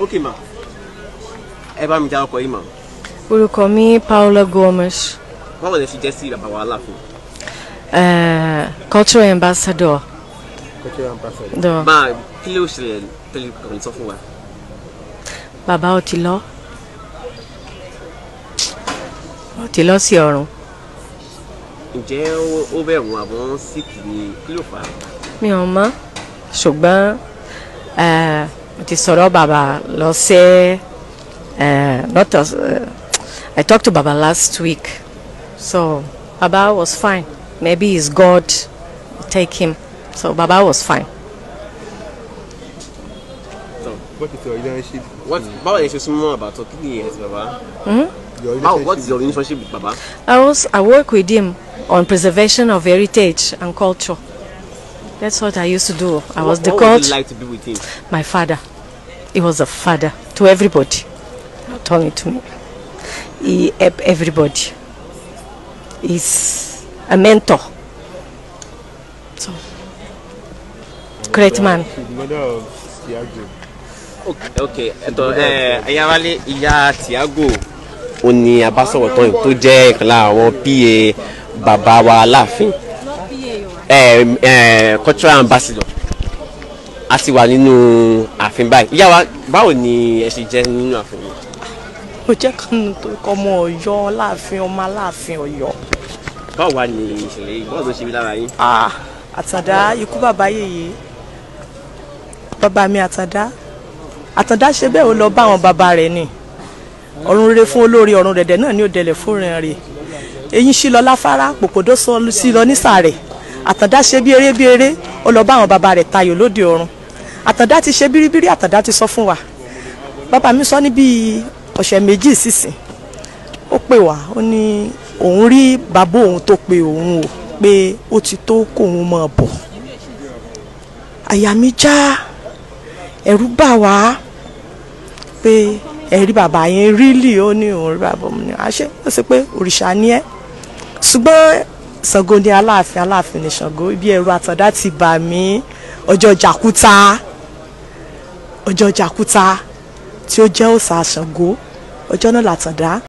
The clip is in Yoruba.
ok ma ẹ bá mi dá ọkọ yìí ma. orúkọ mi Paula Gomes. báwo lè ṣe jẹ́ sí bàbá wa aláàfin. Eh, cultural ambassador. cultural ambassador. máa kí ló ṣe pẹ̀lú kàn sọ fún wa. bàbá ò ti lọ ò ti lọ sí ọ̀run. ǹjẹ́ ó bẹ̀rù àwọn síkì ni kí ló fà á. mi ò mọ̀ ṣùgbọ́n. Eh, Tisoro Baba Lose, uh, not us. Uh, I talked to Baba last week, so Baba was fine. Maybe his God take him, so Baba was fine. What about is more about talking Baba? Hmm? what's your relationship with Baba? I was I work with him on preservation of heritage and culture. That's what I used to do. I what, was the what coach. Would you like to be with him? My father. He was a father to everybody, not only to me. He helped everybody. He's a mentor. So, great man. Okay, okay. Ayawale ìyá Tiago ó ní abásọ̀rọ̀ tán tó jẹ́ ìkan lára àwọn PA bàbá wa aláàfin cultural ambassador a ti wà nínú ààfin báyìí ìyá wa báwo ni ẹ ṣe jẹ́ nínú ààfin yìí. mo jẹ́ kánú tó kọ́ ọmọ ọ̀yọ́ láàfin ọmọ aláàfin ọ̀yọ́. báwo wá ni ìṣẹ̀lẹ̀ yìí báwo ló ṣe mí lára yín. àtàdá ikú bàbá yèyé bàbá mi àtàdá àtàndá ṣe bẹ́ẹ̀ ó lọ bá àwọn bàbá rẹ̀ ni ọ̀run rere fún olórí ọ̀run dẹ̀dẹ̀ náà ní òdẹ̀lẹ̀ fúnra rẹ̀ eyín sí lọ láfárá pòpòdó sí lọ nísàrẹ̀ àtàndá ṣe bí eré bí eré ó lọ bá àwọn bàbá rẹ̀ tayò lóde ọ̀run àtàndá ti ṣe bíríbírí àtàndá ti sọ fún wa bàbá mi sọ ní bíi ọ̀sẹ̀ méjì sísìn ó pè wá ó ní òun rí bàbá òun tó pe òun o pé ó ti tó kóun máa bọ̀ àyà mi já ẹ̀rù bà wá pé ẹ̀rí bàbá yẹn rí lì ó ní òun rí bàbá òun ní àṣẹ ó sì pé òrìṣà ni ẹ́ ṣùgbọ́n Ṣàngó ni aláàfin aláàfin ni Ṣàngó ibi ẹ̀rù àtọ̀dá ti bà mí ọjọ́ jakuta, ọjọ́ jakuta, tí ó jẹ́ òòṣà Ṣàngó ọjọ́ náà làtọ̀dá